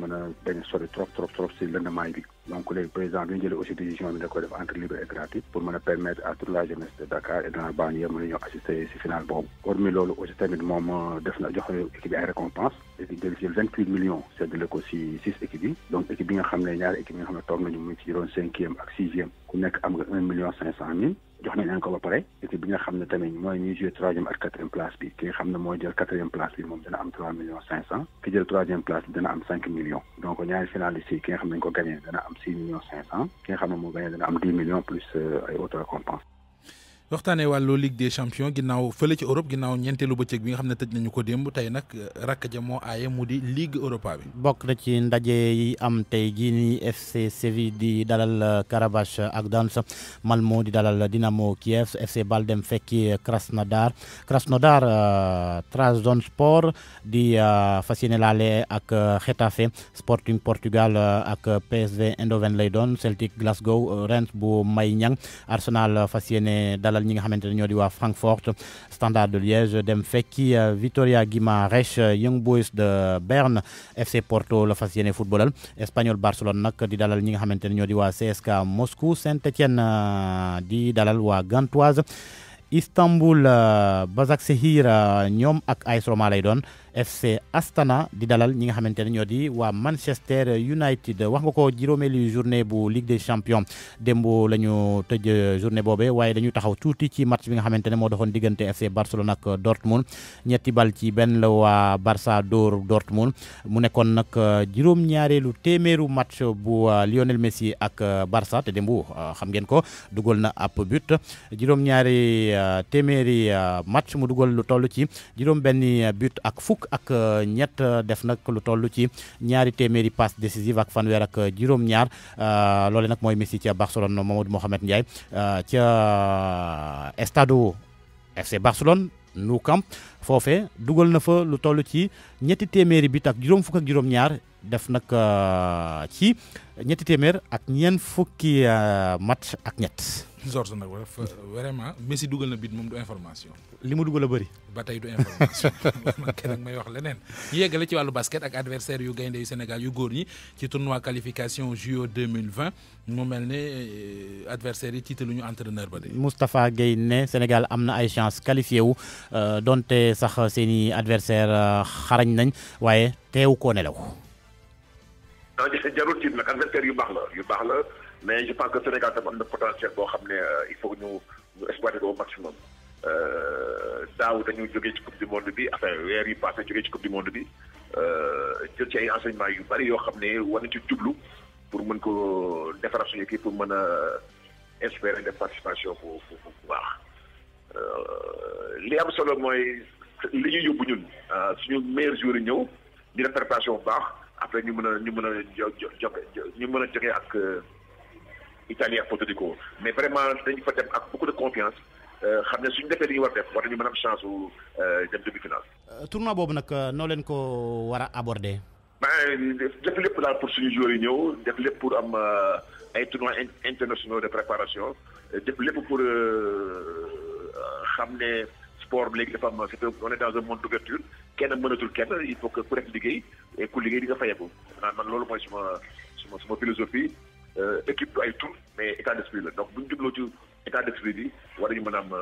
trop trop trop si le bi donc léegi président bi ñu jëlee aussi décision bi da ko def entre libre et gratuit pour mën a permettre la jeunesse de Dakar et dans la banlieue mën ñëw assister si final boobu hormis loolu aussi tamit moom euh, def na jox équipe yi récompense équipe vingt huit millions ko si six équipes yi donc équipe nga xam ne ñaari équipe nga xam ne toog nañu mu ngi ci juróom cinquième ak sixième ku nekk am nga un million cinq cent mille jox nañ encore ba pare équipe bi nga xam ne tamit mooy ñuy jouer troisième ak quatrième place bi ki nga xam ne mooy jël quatrième place bi moom dina am trois millions cinq cent ki jël troisième place bi dina am cinq millions donc ñaari finalistes yi ki nga xam ne dañ ko gagné dina am six millions cinq cent ki nga xam ne moo gagné dina am dix millions plus ay auto récompense waxtaanee wàllu Ligue des Champions ginnaaw fële ci Europe ginnaaw ñeenteelu bëccëg bi nga xam ne tëj nañu ko démb tey nag euh, rakk ja moo aaye mu di Ligue Europa bi. bokk na ci ndaje yi am tey jii nii FC Séville di dalal euh, Karabakh ak Dansk Malmo di dalal Dinamo Kiev FC Bal dem fekki Krasnodar Krasnodar euh, sport di fas yéene laale ak Getafe Sporting Portugal ak PSV indoven lay doon Celtic Glasgow Rennes bu may ñang Arsenal fas dalal dalal ñi nga xamante Francfort Standard de Liège dem fekki euh, Victoria Guimarães euh, Young Boys de Berne FC Porto la fas Football, Espagnol Barcelone nak di dalal ñi Moscou saint Etienne euh, di dalal Gantoise Istanbul Sehir, ñoom ak AS Roma lay FC Astana di dalal Manchester United wax nga ko juróomeelu journée bu Ligue des Champions dembo lañu tëj journée boobee waaye dañu taxaw ci match bi nga xamante FC Barcelona ak Dortmund ñetti bal ci benn la Barça Dortmund mu nekkoon nag juróom match bu euh, Lionel Messi ak euh, Barça te démb euh, xam na but match mu dugal lu ci but ak fukk ak euh, ñett euh, def nag lu toll ci ñaari téeméeri passe décisive ak fanweer ak euh, juróom-ñaar loole nag mooy Messi ca Barcelone Mamadou Mohamed Ndiaye ca stade FC Barcelone Nou Camp foofe dugal na fa lu toll ci ñetti téeméeri bit ak juróom fukk ak juróom-ñaar def nag ci ñetti téeméer ak ñeen fukki match ak ñett. George nag vraiment Messi dougal na bit mom du information. limu dougal la bari batay ba tey du information keneen may wax leneen ñu ci walu basket ak adversaire yu gaynde yu Sénégal yu gor ñi ci tournoi qualification JO 2020 mo melne adversaire yi tiitalu ñu entraîneur ba de. Moustapha Guèye ne Sénégal am ay chance qualifié wu euh, donté sax seni adversaire euh, xarañ nañ waaye teew koo nelaw. jarul tiit nag adversaire yu bax la yu bax la. mais je pense que Sénégal tam am na potentiel boo xam ne euh, il faut ñu ñu exploiter ko au maximum euh, daaw dañu jógee ci coupe du monde bi affaire weer yi passé jógee ci coupe du monde bi euh, jël ci ay enseignement yu bari yoo xam ne war na ci jublu pour mën ko defaraat suñu équipe pour mën a espérer de participation bu bu bu baax li am solo mooy li ñu yóbbu ñun suñu meilleurs joueurs ñëw ñu def bu baax après ñu mën a ñu mën a jo jo ñu mën a jógee ak. italien ak Porto coup. mais vraiment dañu fa ak beaucoup de confiance euh, xam ne suñu defee li ñu war def war nañu am chance su euh, dem demi-finale. Euh, tournoi bobu nak no leen ko wara a aborder. Ben, def lépp daal pour suñu joueurs yi ñëw def lépp pour am ay tournois internationaux de préparation def lépp pour xam sport bi léegi am c'est on est dans un monde d'ouverture kenn mënatul kenn il faut que ku def et ku liggéey di nga fayeeku. man lolu moy suma suma suma philosophie. Euh, équipe du ay tour mais état d'esprit la donc bu ñu jubloo ci état d'esprit bi war nañu mën am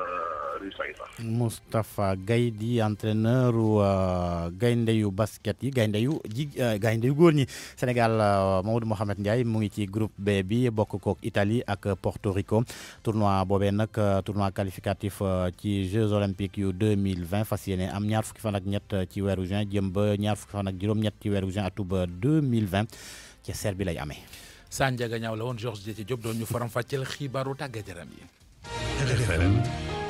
résultat yi sax. Moustapha Gaye di entraîneur euh, gaynde yu basket yi gaynde yu ji euh, gaynde góor ñi Sénégal Mamadou Mohamed Ndiaye mu ngi ci groupe B bi bokk kook Italie ak Porto Rico tournoi boobee nag tournoi qualificatif ci Jeux olympiques yu 2020 fas yéene am ñaar fukki fan ak ñett ci weeru juin jëm ba ñaar fukki fan ak juróom-ñett ci weeru juin atub 2020 ci Serbie lay amee. Sandiaga ñaaw la woon Georges Diétié Diop doon ñu faram fàcceel xibaaru tàggat yaram yi. RFM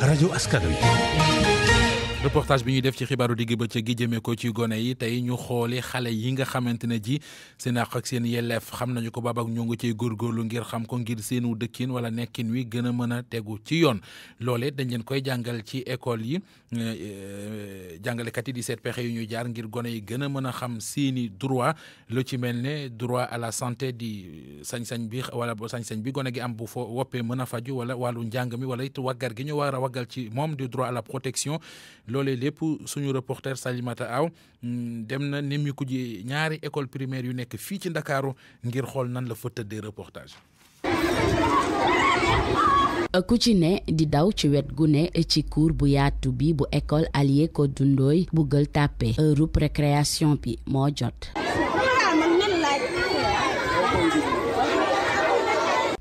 aska askan wi. reportage bi ñuy def ci xibaaru digg bëccëg gi jëmee ko ci gone yi tey ñu xooli xale yi nga xamante ne ji seen àq ak seen yelleef xam nañu ko baab ak ñoo ngi cey góorgóorlu ngir xam ko ngir seenu dëkkin wala nekkin wi gën a mën a tegu ci yoon loole dañ leen koy jàngal ci école yi euh, jàngalekat yi di seet pexe yu ñu jaar ngir gone yi gën a mën a xam seeni droit lu ci mel ne droit à la santé di sañ-sañ bi wala sañ-sañ bi gone gi am bu fo woppee mën a faju wala wàllu njàng mi wala it waggar gi ñu war a waggal ci moom di droit à la protection loole lépp suñu reporter Salimata Aw mm, dem na nemmiku ji ñaari école primaire yu nekk fii ci Ndakaaru ngir xool nan la fa tëddee reportage ku ci ne di daw ci wet gu ne ci cour bu yaatu bi bu école Allié Codou dundooy bu Gueule Tapée heure récréation bi moo jot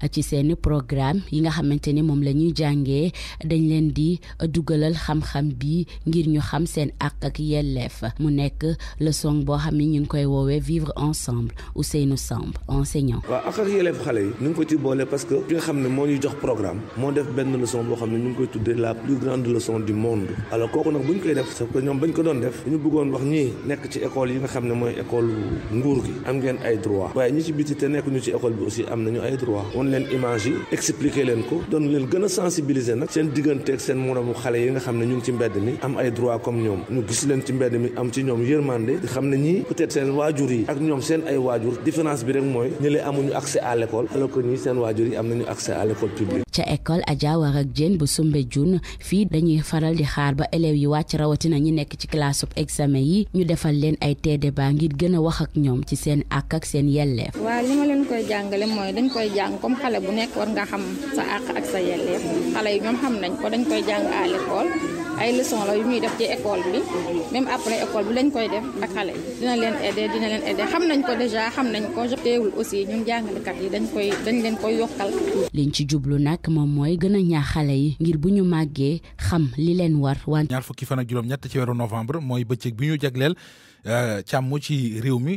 ci seeni programme yi nga xamante ni moom la ñuy jàngee dañ leen di dugalal xam-xam bi ngir ñu xam seen àq ak yelleef mu nekk leçon boo xam ni ñu ngi koy woowee vivre ensemble Ousseynou ñu ngi ko boole parce que. xam ne moo ñuy jox programme. moo def benn leçon boo xam ne ñu ngi koy tuddee la plus grande leçon du monde. alors kooku nag bu ñu koy def. parce que ñoom bañ ko doon def. ñu bëggoon wax ñii nekk ci école yi nga xam ne mooy école nguur gi. am ngeen ay droit. waaye ñi ci biti te nekk ñu ci école bi aussi am nañu ay droit. leen image yi expliquer leen ko doon leen gën a sensibiliser nag seen digganteeg seen moroomu xale yi nga xam ne ñu ngi ci mbedd mi am ay droit comme ñoom ñu gis leen ci mbedd mi am ci ñoom yërmande di xam ne ñii peut-être seen waajur yi ak ñoom seen ay waajur différence bi rek mooy ñi amuñu accès à l'école alors que ñii seen waajur yi am nañu accès à l'école publique. ca école Adja War ak Dieng bu Soumbédioune fii dañuy faral di xaar ba élèves yi wàcc rawatina ñi nekk ci classe examen yi ñu defal leen ay tee débat ngir gën a wax ak ñoom ci seen àq ak seen yelleef. waaw xale bu nekk war nga xam sa àq ak sa yelleef xale yi ñoom xam nañ ko dañ koy jàng à l'école ay leçon la yu ñuy def ci école bi même après école bi lañ koy def ak xale yi dina leen aider dina leen aider xam nañ ko déjà xam nañ ko teewul aussi ñun jàngalekat yi dañ koy dañ leen koy yokkal liñ ci jublu nag moom mooy gën a ñaax xale yi ngir bu ñu màggee xam li leen war wante ñaar fukki fan ak juróom ñett ci weeru novembre mooy bëccëg bi ñu jagleel Euh, càmm ci réew mi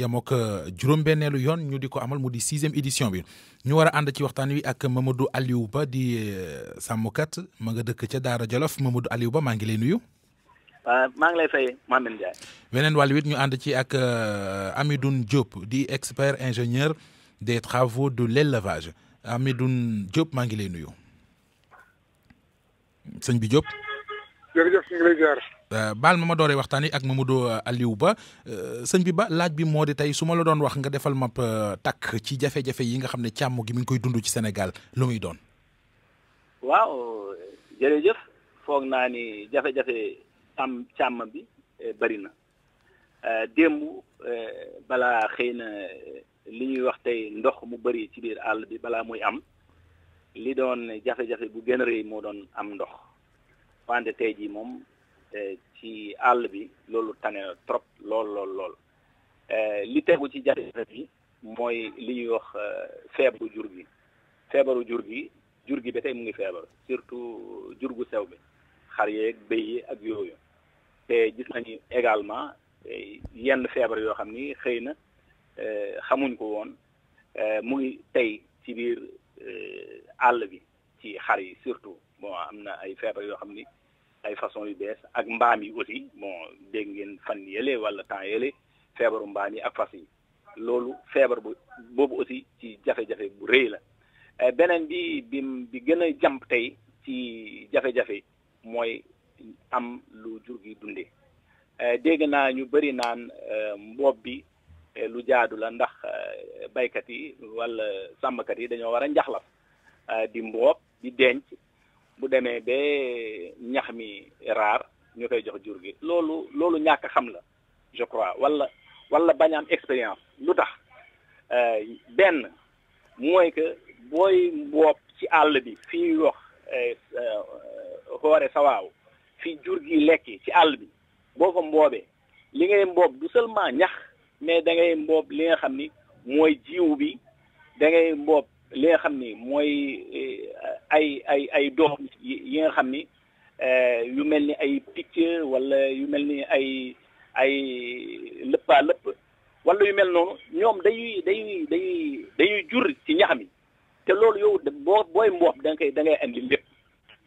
yem ak euh, juróom-benneelu yoon ñu di ko amal mu di sixième édition bi ñu war a ànd ci waxtaan wi ak Mamadou Aliou Ba di euh, sàmmkat ma nga dëkk ca Daara Jolof du Aliou Ba maa ngi lay nuyu. maa ngi lay fay Mohamed Ndiaye. weneen wàll wit ñu ànd ci ak ami Amidoune Diop di expert ingénieur des travaux de l'élevage Amidoune Diop maa ngi lay nuyu. sëñ bi Diop. Euh, baal ma ma dooree waxtaan yi ak Mamadou euh, Aliou Ba euh, sëñ bi ba laaj bi moo di tey su ma la doon wax nga defal ma takk ci jafe-jafe yi nga xam ne càmm gi mi ngi koy dund ci Sénégal lu doon. waaw jërëjëf foog naa ni jafe am càmm bi bari na démb balaa xëy na li ñuy wax tey ndox mu bari ci biir àll bi balaa muy am li doon jafe-jafe bu gën moo doon am ndox wante tey jii moom. Eh, ci àll bi loolu tane na trop lool lool lool eh, li tegu ci jafe-jafe bi mooy li ñuy wax eh, feebaru jur gi feebaru jur gi jur gi ba tey mu ngi feebar surtout jur gu sew bi xar yeeg béy yi ak yooyu te gis nañu également yenn feebar yoo xam ni xëy na xamuñ ko woon mu ngi tey ci biir àll bi ci xar yi surtout bon am na ay feebar yoo xam ni ay façon yu bees ak mbaam yi aussi bon dégg ngeen fan yële walla temps yële feebaru mbaam yi ak fas yi loolu feebar boobu aussi ci jafe-jafe bu rëy la eh, beneen bi bi bi gën a jàmp tey ci jafe-jafe mooy am lu jur gi dundee eh, dégg naa ñu bëri naan eh, mboob bi lu jaadu la ndax baykat yi wala sàmmkat yi dañoo war a njaxlaf di mboob di denc bu demee ba ñax mi raar ñu koy jox jur gi loolu loolu ñàkk xam la je crois wala wala bañ am expérience lu tax euh, benn mooy que booy mboop ci àll bi fii wax xoore euh, euh, sawaaw fi jur gi lekki ci àll bi boo ko mboobee li ngay mboob du seulement ñax mais da ngay mboob li nga xam ni mooy jiw bi da ngay mboob li nga xam ni mooy eh, ay ay ay doom yi nga xam ni eh, yu mel ni ay picc wala yu mel ni ay ay lëppaa lëpp wala yu mel noonu ñoom dañuy dañuy dañuy dañuy jur ci ñax mi te loolu yow boo booy mboob da koy da ngay andi lépp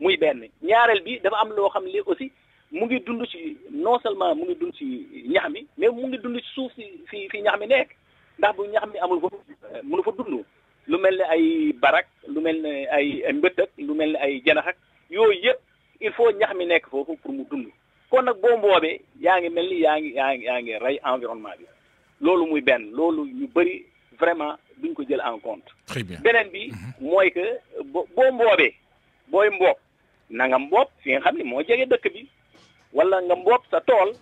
muy benn ñaareel bi dafa am loo xam ne aussi mu ngi dund ci non seulement mu ngi dund ci ñax mi mais mu ngi dund ci suuf si fi fi ñax mi nekk ndax bu ñax mi amul fa eh, mënu fa dund lu mel ne ay barak lu mel ne ay mbëtëk lu mel ne ay janax ak yooyu yëpp il faut ñax mi nekk foofu pour mu dund kon nag boo mboobee yaa ngi mel ni yaa ngi yaa ngi yaa ngi rey environnement bi loolu muy benn loolu ñu bëri vraiment duñ ko jël en compte. très bien beneen bi. Mhm. mooy que boo boo mboobee booy mboob na nga mboob fi nga xam ni moo jege dëkk bi wala nga mboob sa tool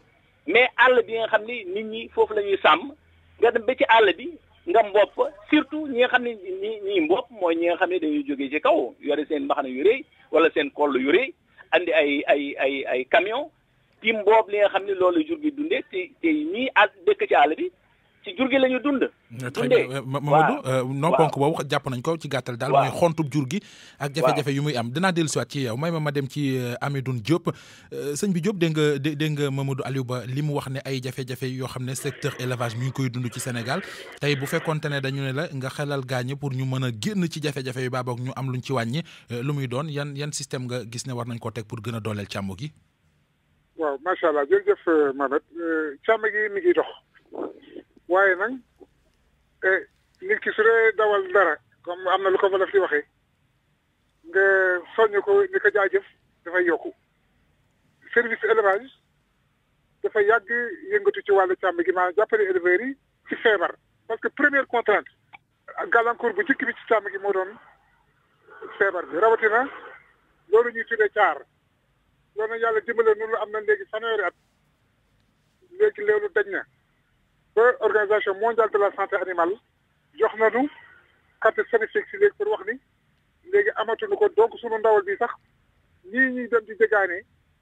mais àll bi nga xam ni nit ñi foofu la ñuy sàmm nga dem ba ci àll bi. nga mbopp surtout ñi nga xam ne ñi ñi mbopp mooy ñi nga xam ne dañuy jóge ci kaw yore seen mbaxana yu rëy wala seen kol yu rëy andi ay ay ay ay camion ci mbopp li nga xam ne loolu jur gi dundee te ñii ñii dëkk ci àll bi ci jur gi la ñu dund. Eh, dundee eh, Mamadou euh, non ponk boobu jàpp nañ ko ci gàttal daal. waaw mooy xontub jur gi. ak jafe-jafe yu muy am dinaa dellusiwaat ci yow may ma ma dem ci euh, Amidoune Diop. Euh, sëñ bi Diop dégg nga dégg nga Mamadou Aliou Ba li mu wax ne ay jafe-jafe yoo xam ne secteur élevage mi ngi koy dund ci Sénégal tey bu fekkonte ne dañu ne la nga xelal gaañe pour ñu mën a génn ci jafe-jafe yu baax boog ñu am luñ ci wàññi lu muy doon yan yan système nga gis ne war nañ koo teg pour gën a càmm gi. waaye nag eh, nit ki su dee dawal dara comme am na lu ko fa di waxee nga soññ ko ni ko jaajëf dafay yokku service élevage dafa yàgg yëngatu ci wàll càmm gi maanaam jàppale éleveurs yi ci feebar. parce que première contrainte gàllankoor bu njëkk bi ci càmm gi moo doon feebar bi rawatina loolu ñuy tuddee caar loolu yàlla dimbale noonu am na léegi fanweeri at léegi loolu dañ na. ba organisation mondiale de la santé animale jox nañu carte statistique si léegi pour wax ni léegi amatuñu ko donc sunu ndawal bi sax ñii ñuy dem di jëgaane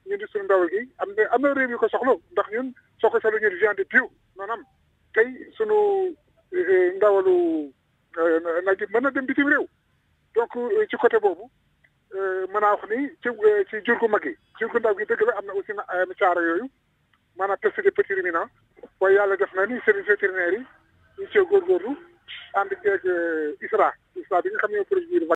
ñun di sunu ndawal gi am na am réew yu ko soxla ndax ñun soo ko soxla ñu di viande piiw maanaam tey sunu eh, ndawalu eh, nag yi mën na dem bitim réew donc eh, ci côté boobu mën naa wax ni ci jur gu mag yi jur gu ndaw gi dëgg la am na aussi caara yooyu maanaam test de petit ruminant waaye yàlla def na ni service vétérinaire yi ñu cee góorgóorlu ànd ceeg uh, ISRA ISRA bi nga xam ne